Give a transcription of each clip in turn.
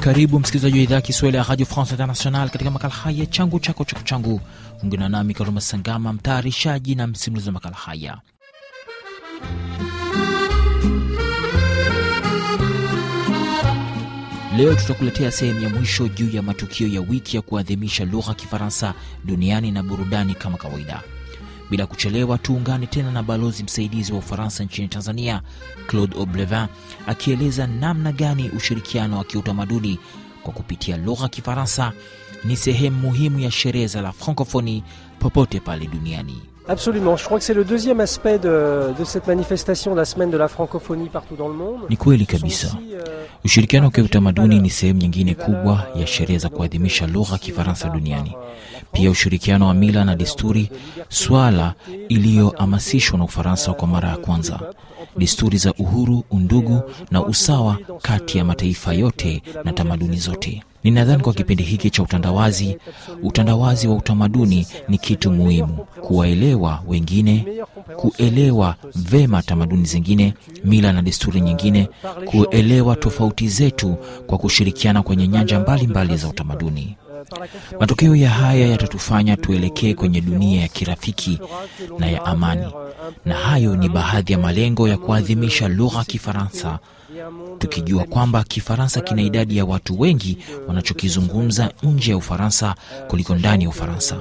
Karibu msikilizaji wa idhaa ya Kiswahili ya Radio France International katika makala haya changu chako chako changu. Ungana nami Karuma Sangama, mtayarishaji na msimulizi wa makala haya. Leo tutakuletea sehemu ya mwisho juu ya matukio ya wiki ya kuadhimisha lugha Kifaransa duniani na burudani kama kawaida. Bila kuchelewa, tuungane tena na balozi msaidizi wa Ufaransa nchini Tanzania, Claude Oblevin, akieleza namna gani ushirikiano wa kiutamaduni kwa kupitia lugha ya Kifaransa ni sehemu muhimu ya sherehe za la Francophonie popote pale duniani. Absolument, je crois que c'est le deuxième aspect de, de cette manifestation de la semaine de la francophonie partout dans le monde. Ni kweli kabisa, euh, ushirikiano wa kiutamaduni ni sehemu nyingine kubwa ya euh, sherehe za kuadhimisha lugha ya Kifaransa duniani. Euh, Pia ushirikiano wa mila na desturi, swala iliyohamasishwa na Ufaransa kwa mara ya kwanza. Desturi za uhuru, undugu na usawa kati ya mataifa yote na tamaduni zote. Ninadhani kwa kipindi hiki cha utandawazi, utandawazi wa utamaduni ni kitu muhimu, kuwaelewa wengine, kuelewa vema tamaduni zingine, mila na desturi nyingine, kuelewa tofauti zetu kwa kushirikiana kwenye nyanja mbalimbali mbali za utamaduni. Matokeo ya haya yatatufanya tuelekee kwenye dunia ya kirafiki na ya amani, na hayo ni baadhi ya malengo ya kuadhimisha lugha Kifaransa, tukijua kwamba Kifaransa kina idadi ya watu wengi wanachokizungumza nje ya Ufaransa kuliko ndani ya Ufaransa.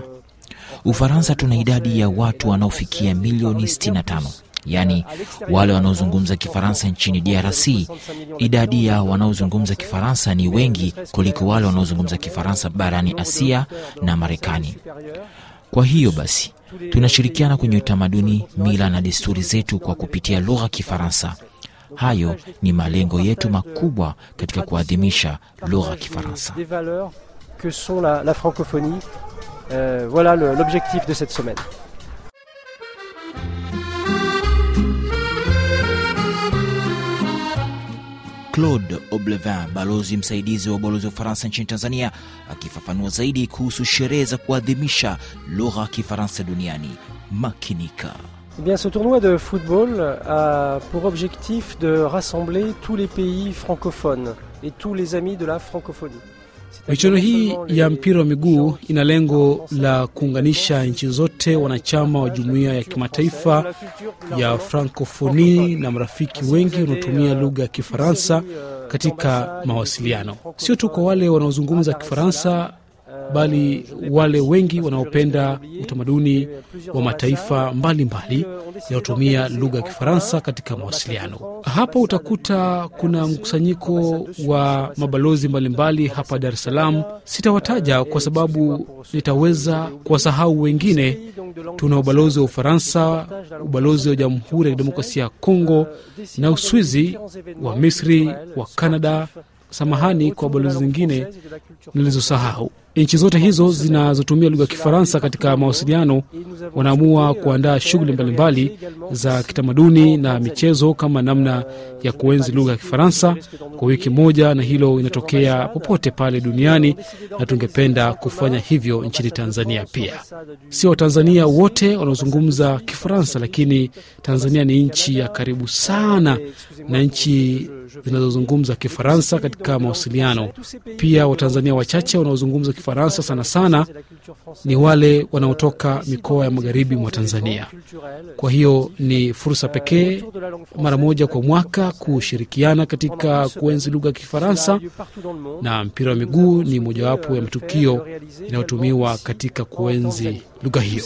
Ufaransa tuna idadi ya watu wanaofikia milioni 65 yaani wale wanaozungumza Kifaransa nchini DRC, idadi ya wanaozungumza Kifaransa ni wengi kuliko wale wanaozungumza Kifaransa barani Asia na Marekani. Kwa hiyo basi tunashirikiana kwenye utamaduni, mila na desturi zetu kwa kupitia lugha Kifaransa. Hayo ni malengo yetu makubwa katika kuadhimisha lugha Kifaransa. que sont la, la francophonie. Euh, voilà l'objectif de cette semaine. Claude Oblevin, balozi msaidizi wa ubalozi wa Ufaransa nchini Tanzania, akifafanua zaidi kuhusu sherehe za kuadhimisha lugha ya duniani. Makinika. Eh bien, ce tournoi de football a pour objectif de rassembler tous les pays francophones et tous les amis de la francophonie. Michuano hii ya mpira wa miguu ina lengo la kuunganisha nchi zote wanachama wa jumuiya ya kimataifa ya Frankofoni na marafiki wengi wanaotumia lugha ya Kifaransa katika mawasiliano, sio tu kwa wale wanaozungumza Kifaransa bali wale wengi wanaopenda utamaduni wa mataifa mbalimbali yanayotumia lugha ya Kifaransa katika mawasiliano. Hapo utakuta kuna mkusanyiko wa mabalozi mbalimbali mbali hapa Dar es Salaam. Sitawataja kwa sababu nitaweza kuwasahau wengine. Tuna ubalozi wa Ufaransa, ubalozi wa Jamhuri ya Kidemokrasia ya Kongo na Uswizi, wa Misri, wa Kanada. Samahani kwa balozi zingine nilizosahau. Nchi zote hizo zinazotumia lugha ya Kifaransa katika mawasiliano wanaamua kuandaa shughuli mbalimbali za kitamaduni na michezo kama namna ya kuenzi lugha ya Kifaransa kwa wiki moja, na hilo inatokea popote pale duniani, na tungependa kufanya hivyo nchini Tanzania pia. Sio Watanzania wote wanaozungumza Kifaransa, lakini Tanzania ni nchi ya karibu sana na nchi zinazozungumza Kifaransa katika mawasiliano. Pia Watanzania wachache wanaozungumza Ufaransa sana sana ni wale wanaotoka mikoa ya magharibi mwa Tanzania. Kwa hiyo ni fursa pekee mara moja kwa mwaka kushirikiana katika kuenzi lugha ya Kifaransa, na mpira wa miguu ni mojawapo ya matukio inayotumiwa katika kuenzi lugha hiyo.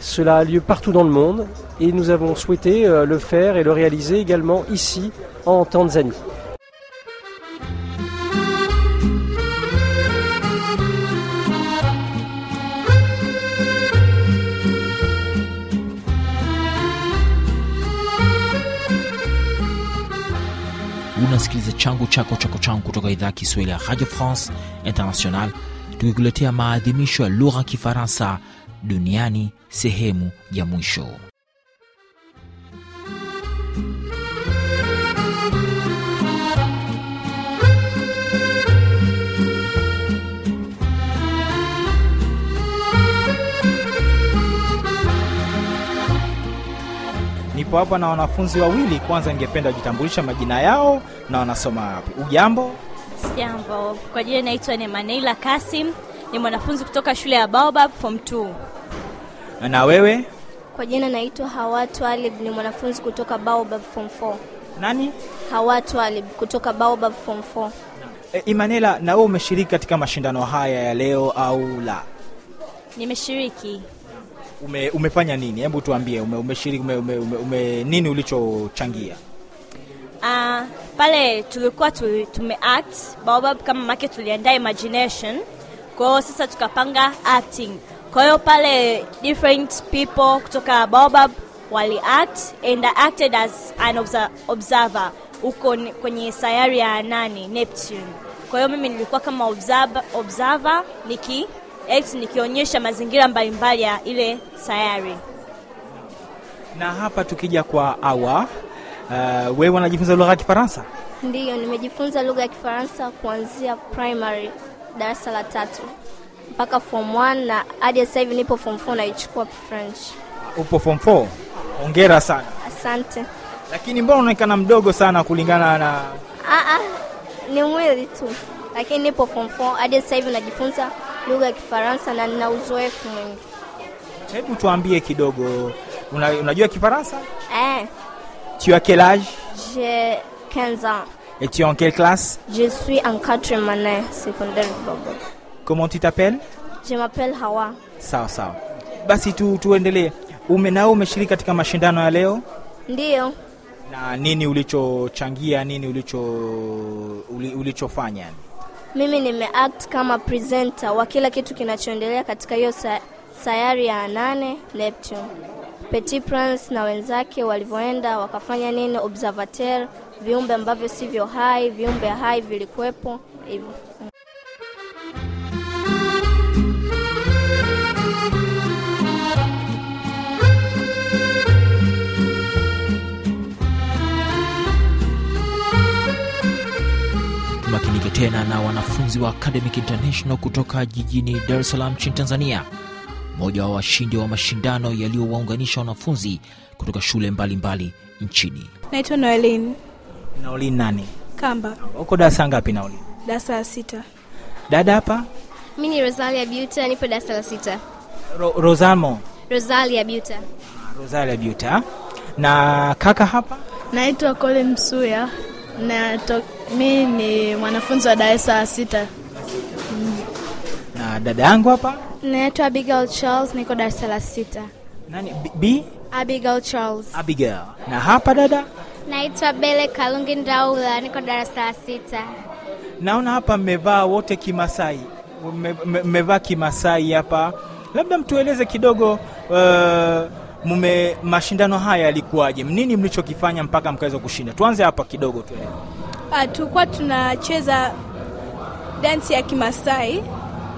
Cela a lieu partout dans le monde et nous avons souhaité euh, le faire et le réaliser également ici en Tanzanie. Unasikiliza changu chako chako changu kutoka idhaa ya Kiswahili ya Radio France International, tukikuletea maadhimisho ya lugha Kifaransa duniani sehemu ya mwisho. Nipo hapa na wanafunzi wawili. Kwanza ningependa kujitambulisha majina yao na wanasoma wapi. Ujambo? jambo Kwa jina naitwa nemaneila Kasim, ni mwanafunzi kutoka shule ya Baobab form 2. Na wewe? Kwa jina naitwa Hawa Twalib, ni mwanafunzi kutoka Baobab Form 4. Nani? Hawa Twalib kutoka Baobab Form 4. E, Imanela, na wewe umeshiriki katika mashindano haya ya leo au la? Nimeshiriki. Ume, umefanya nini? Hebu tuambie ume, umeshiriki ume, ume, ume, ume, nini ulichochangia? Uh, pale tulikuwa tume act Baobab kama make tuliandaa imagination. Kwa sasa tukapanga acting kwa hiyo pale different people kutoka Baobab wali act and I acted as an observer huko kwenye sayari ya nani Neptune. Kwa hiyo mimi nilikuwa kama observer, observer niki act nikionyesha mazingira mbalimbali ya ile sayari. Na hapa tukija kwa awa uh, wewe wanajifunza lugha ya Kifaransa? Ndiyo, nimejifunza lugha ya Kifaransa kuanzia primary darasa la tatu mpaka form 1 na hadi sasa hivi nipo form 4 naichukua French. Upo form 4? Hongera sana. Asante. Lakini mbona unaonekana mdogo sana kulingana na Ah ah. Ni mwili tu. Lakini nipo form 4 hadi sasa hivi najifunza lugha ya Kifaransa na nina uzoefu mwingi. Hebu tuambie kidogo. Una, unajua Kifaransa? Eh. Tu as quel âge? je 15 ans. Et tu es en quelle classe? Je suis en 4e année secondaire. Comment tu t'appelles? Je m'appelle Hawa. Sawa sawa, basi tu, tuendelee. Ume nao umeshiriki katika mashindano ya leo? Ndiyo. Na nini ulichochangia, nini ulicho ulichofanya? Mimi nimeact kama presenter wa kila kitu kinachoendelea katika hiyo sayari ya nane Neptune. Petit Prince na wenzake walivyoenda wakafanya nini, observateur, viumbe ambavyo sivyo hai, viumbe hai vilikuwepo hivyo. tena na wanafunzi wa Academic International kutoka jijini Dar es Salaam nchini Tanzania, mmoja wa washindi wa mashindano yaliyowaunganisha wanafunzi kutoka shule mbalimbali mbali nchini. Naitwa Noelin. naolin nani? Kamba. Uko darasa ngapi naoli Darasa la sita. Dada hapa? Mi ni Rosalia Buta, nipo darasa la sita. Ro rosamo Rosalia Buta. Rosalia Buta. Na kaka hapa? Naitwa kole Msuya. Natoka Mi ni mwanafunzi wa darasa la sita. Mm. Na dada yangu hapa naitwa Abigail Charles, niko darasa la sita. Nani? B? Abigail Charles. Abigail. Na hapa dada naitwa Bele Kalungi Ndaula, niko darasa la sita. Naona hapa mmevaa wote Kimasai, mmevaa Kimasai hapa, labda mtueleze kidogo uh, mume mashindano haya yalikuwaje? Nini mlichokifanya mpaka mkaweza kushinda? Tuanze hapa kidogo tu. Ah, tulikuwa tunacheza dansi ya Kimasai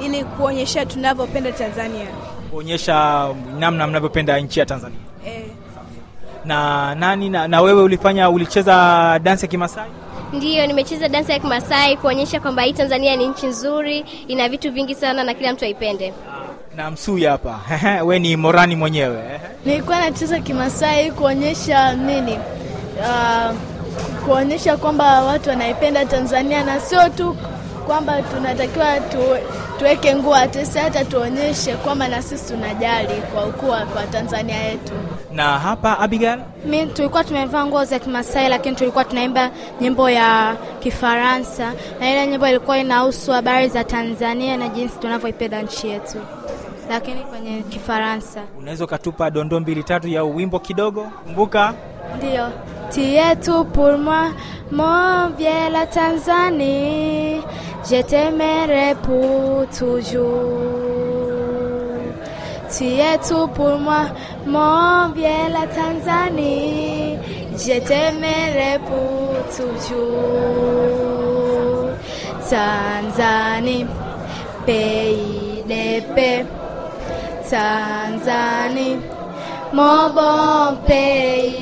ili kuonyesha tunavyopenda Tanzania, kuonyesha namna mnavyopenda nchi ya Tanzania. E. Na nani na, na wewe ulifanya ulicheza dansi ya Kimasai? Ndiyo, nimecheza dansi ya Kimasai kuonyesha kwamba hii Tanzania ni nchi nzuri, ina vitu vingi sana na kila mtu aipende. Na Msuya hapa we ni morani mwenyewe. Nilikuwa nacheza Kimasai kuonyesha nini, uh, kuonyesha kwamba watu wanaipenda Tanzania na sio tu kwamba tunatakiwa tuweke nguo atese, hata tuonyeshe kwamba na sisi tunajali kwa ukua kwa Tanzania yetu. Na hapa Abigail, mimi tulikuwa tumevaa nguo za Kimasai, lakini tulikuwa tunaimba nyimbo ya Kifaransa na ile nyimbo ilikuwa inahusu habari za Tanzania na jinsi tunavyoipenda nchi yetu lakini kwenye Kifaransa. Unaweza ukatupa dondoo mbili tatu ya wimbo kidogo? Kumbuka, ndio es pour moi, mon bien la Tanzanie, je t'aimerai pour toujours. Tu es tout pour moi, mon bien la Tanzanie, je t'aimerai pour toujours. Tanzanie, pays de paix. Tanzanie, mon bon pays.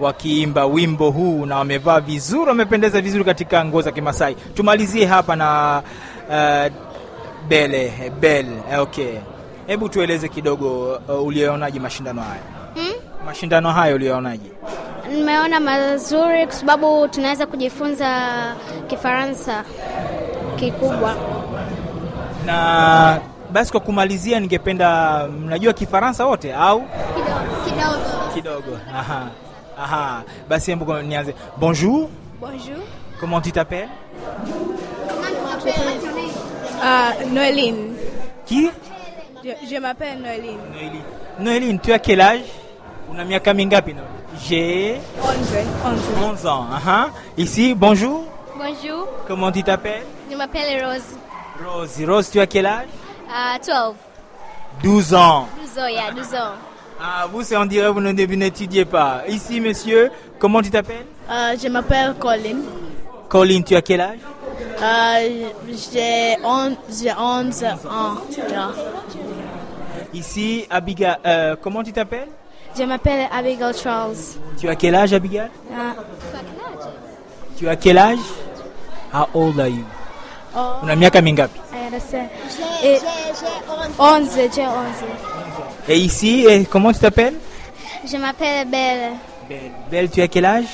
wakiimba wimbo huu na wamevaa vizuri, wamependeza vizuri katika nguo za Kimasai. Tumalizie hapa na uh, bele bel. Okay, hebu tueleze kidogo uh, ulionaje mashindano haya hmm? Mashindano haya ulionaje? Nimeona mazuri kwa sababu tunaweza kujifunza Kifaransa kikubwa. Na basi kwa kumalizia, ningependa mnajua Kifaransa wote au kidogo? Kidogo, kidogo. Aha. Aha. Basi mbuko Bonjour. Bonjour. Comment tu t'appelles euh, Noéline. Qui Je, m'appelle Noéline. Noéline. tu as quel âge Una J'ai 11 ans. 11 ans. Ah, ah. Ici, bonjour. Bonjour. Comment tu t'appelles Je m'appelle Rose. Rose, tu as quel âge uh, 12. 12 ans. 12 ans, yeah, 12 ans. Ah, vous, c'est on dirait vous n'étudiez pas. Ici, monsieur, comment tu t'appelles euh, Je m'appelle Colin. Colin, tu as quel âge euh, J'ai 11, ans. Ici, Abigail, euh, comment tu t'appelles Je m'appelle Abigail Charles. Tu as quel âge, Abigail euh. Tu as quel âge How old are you oh. a miaka mingapi? J'ai 11, j'ai 11. Et ici, comment tu t'appelles Je m'appelle Belle. Belle. tu as quel âge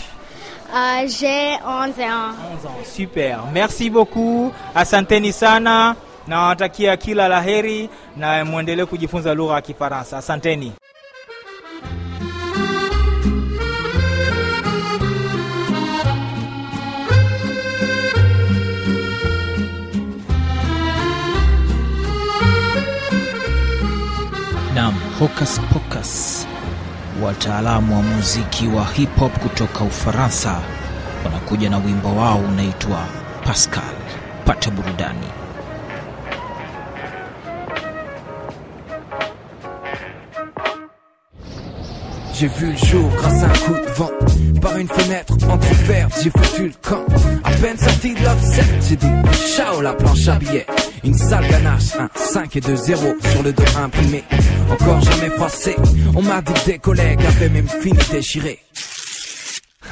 euh, J'ai 11 ans. 11 ans, super. Merci beaucoup. santeni sana. à kila laheri na mwendelee kujifunza lugha ya Kifaransa. Hocus Pocus, wataalamu wa muziki wa hip hop kutoka Ufaransa, wanakuja na wimbo wao unaitwa Pascal. Pata burudani. J'ai vu le jour grâce à un coup de vent Par une fenêtre en couvert, j'ai foutu le camp À peine sorti de l'offset, j'ai dit Ciao la planche à billets Une sale ganache, un 5 et 2, 0 sur le dos imprimé. Encore jamais froissé, on m'a dit que des collègues avaient même fini d'échirer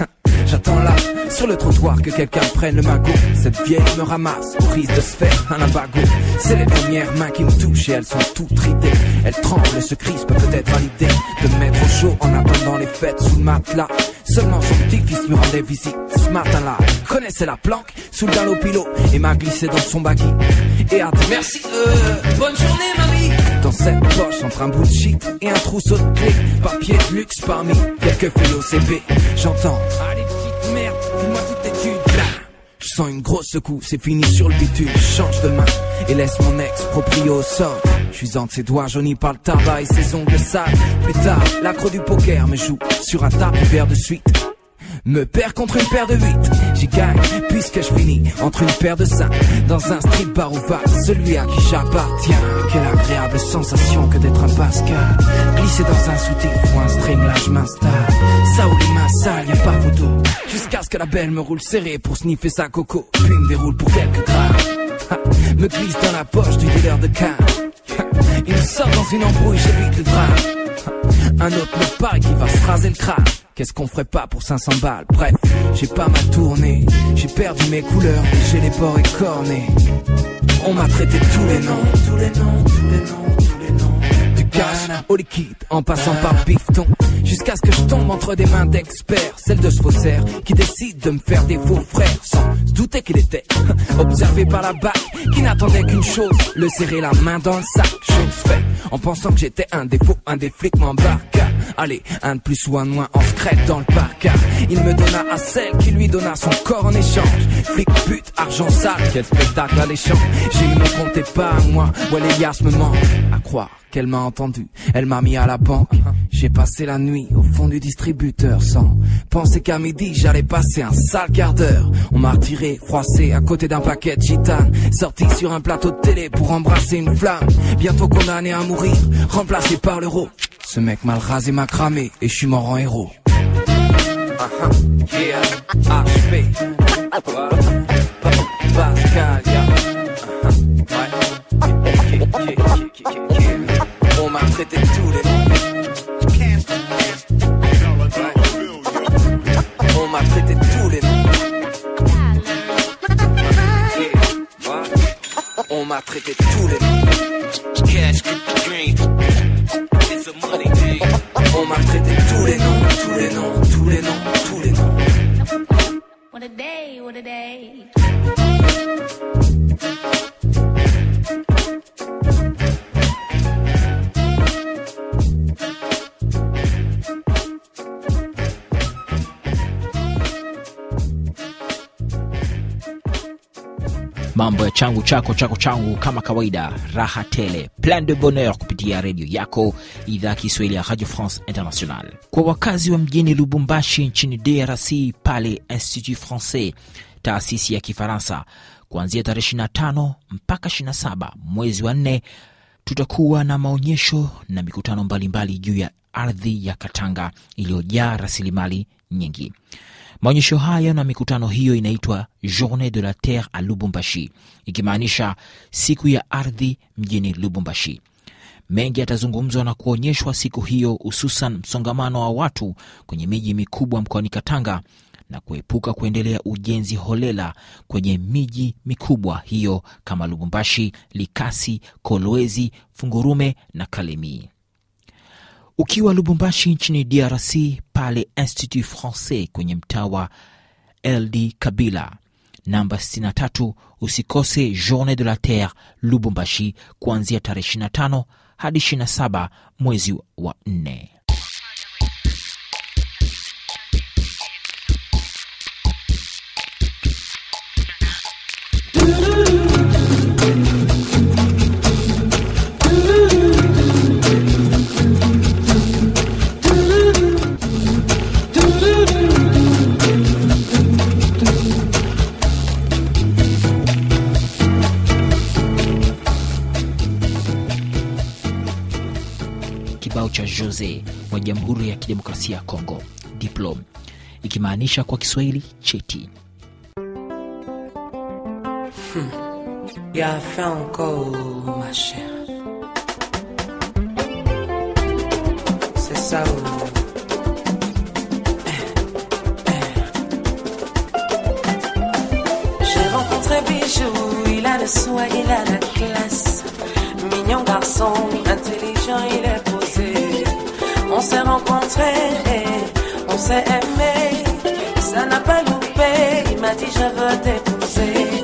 hein, J'attends là, sur le trottoir, que quelqu'un prenne le magot. Cette vieille me ramasse, prise de sphère, un abago. C'est les premières mains qui me touchent et elles sont toutes ridées. Elles tremblent, ce crispent, peut-être à l'idée de me mettre au chaud en attendant les fêtes sous le matelas. Seulement son petit-fils me rendait visite ce matin-là connaissait la planque sous le galopilo et m'a glissé dans son baggy. Et a merci, euh, bonne journée mamie. Dans cette poche entre un bout de shit et un trousseau de clés, papier de luxe parmi quelques philos CP. J'entends, allez petite merde, dis-moi toute étude là. Je sens une grosse secoue, c'est fini sur le bitume, change de main et laisse mon ex proprio au Je suis entre ses doigts jaunis par le tabac et ses ongles sales. pétard tard, l'accro du poker me joue sur un table vert de suite. Me perd contre une paire de huit j'y Puisque je finis entre une paire de seins Dans un strip bar ou celui à qui j'appartiens Quelle agréable sensation que d'être un Pascal Glisser dans un soutif ou un string, là je m'installe Ça ou les mains sales, y'a pas photo Jusqu'à ce que la belle me roule serré pour sniffer sa coco Puis me déroule pour quelques draps Me glisse dans la poche du dealer de cas Il me sort dans une embrouille, j'évite le drame Un autre me parle qui va se raser le crâne Qu'est-ce qu'on ferait pas pour 500 balles Bref, j'ai pas ma tournée, j'ai perdu mes couleurs, j'ai les bords écornés. On m'a traité tous les noms, tous les noms, tous les noms, tous les noms. Du cash au liquide, en passant par pifton. jusqu'à ce que je tombe entre des mains d'experts, celles de ce faussaire qui décide de me faire des faux frères, sans se douter qu'il était observé par la BAC, qui n'attendait qu'une chose, le serrer la main dans le sac. Chose faite, en pensant que j'étais un défaut, un des flics m'embarque Allez, un de plus ou un de moins en secret dans le Car Il me donna à celle qui lui donna son corps en échange. Flic, pute, argent sale, quel spectacle alléchant. J'ai eu mon compte pas à moi, ouais les me manque, à croire qu'elle m'a entendu. Elle m'a mis à la banque. J'ai passé la nuit au fond du distributeur sans penser qu'à midi j'allais passer un sale quart d'heure. On m'a retiré, froissé à côté d'un paquet de gitane, sorti sur un plateau de télé pour embrasser une flamme. Bientôt condamné à mourir, remplacé par l'euro. Ce mec m'a rasé, m'a cramé et je suis mort en héros. Ah, ah, tous On m'a traité tous les noms. On m'a traité tous les noms. On m'a traité tous les noms, tous les noms, tous les noms, tous les noms. day, mambo ya changu chako chako changu, kama kawaida, raha tele, plan de bonheur, kupitia redio yako idhaa ya Kiswahili ya Radio France International. Kwa wakazi wa mjini Lubumbashi nchini DRC, pale Institut Francais, taasisi ya Kifaransa, kuanzia tarehe 25 mpaka 27 mwezi wa nne, tutakuwa na maonyesho na mikutano mbalimbali juu ya ardhi ya Katanga iliyojaa rasilimali nyingi. Maonyesho haya na mikutano hiyo inaitwa Journee de la Terre a Lubumbashi, ikimaanisha siku ya ardhi mjini Lubumbashi. Mengi yatazungumzwa na kuonyeshwa siku hiyo, hususan msongamano wa watu kwenye miji mikubwa mkoani Katanga na kuepuka kuendelea ujenzi holela kwenye miji mikubwa hiyo kama Lubumbashi, Likasi, Kolwezi, Fungurume na kalemii ukiwa Lubumbashi nchini DRC, pale Institut Francais kwenye mtaa wa LD Kabila namba 63, usikose Journee de la Terre Lubumbashi kuanzia tarehe 25 hadi 27 mwezi wa 4. Je suis Jose, moi je m'appelle Guru Yaki Democracy à Congo, diplôme, Iki Manisha, quoi que ce soit, il est chéti. Il hmm. a fait encore ma chère. C'est ça. Oh. Eh, eh. Je suis rencontré Bijou, il a le soie, il a la classe. Mignon garçon, intelligent, il a... On s'est rencontrés, on s'est aimé, ça n'a pas loupé. Il m'a dit je veux t'épouser.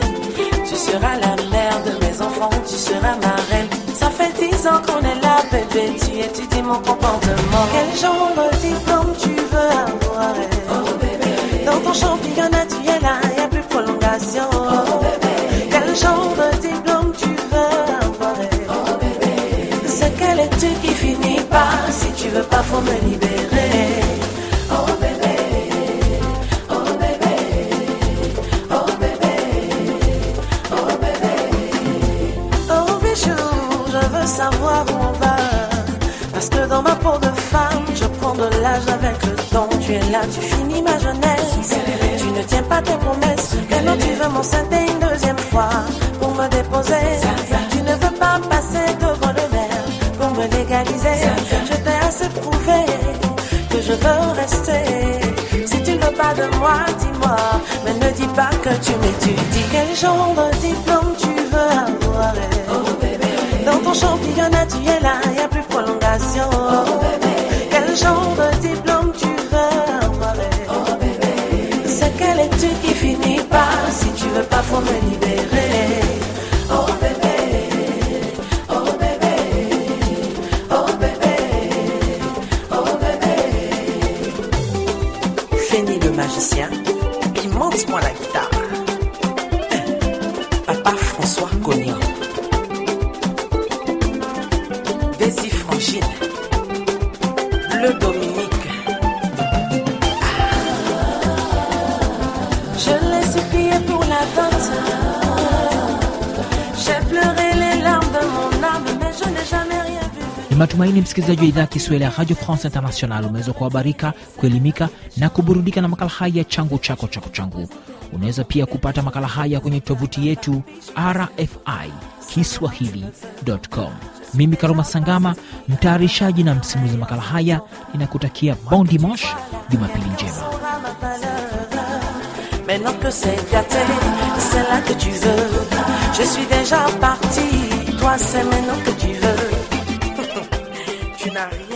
Tu seras la mère de mes enfants, tu seras ma reine. Ça fait dix ans qu'on est là, bébé, tu étudies mon comportement. Quel genre de diplôme de femme, je prends de l'âge avec le temps. Tu es là, tu finis ma jeunesse. Tu ne tiens pas tes promesses. Maintenant tu veux m'enceinter une deuxième fois pour me déposer. Tu ne veux pas passer devant le maire pour me légaliser. Je t'ai assez prouvé que je veux rester. Si tu ne veux pas de moi, dis-moi. Mais ne dis pas que tu m'étudies. Quel genre de diplôme tu veux avoir? Dans ton championnat, tu es là, il y a plus prolongation. already matumaini msikilizaji wa idhaa ya Kiswahili ya Radio France International umeweza kuhabarika, kuelimika na kuburudika na makala haya changu chako chako changu. Unaweza pia kupata makala haya kwenye tovuti yetu RFI Kiswahili.com. Mimi Karuma Sangama, mtayarishaji na msimulizi wa makala haya, inakutakia bon dimanche, jumapili njema. Now.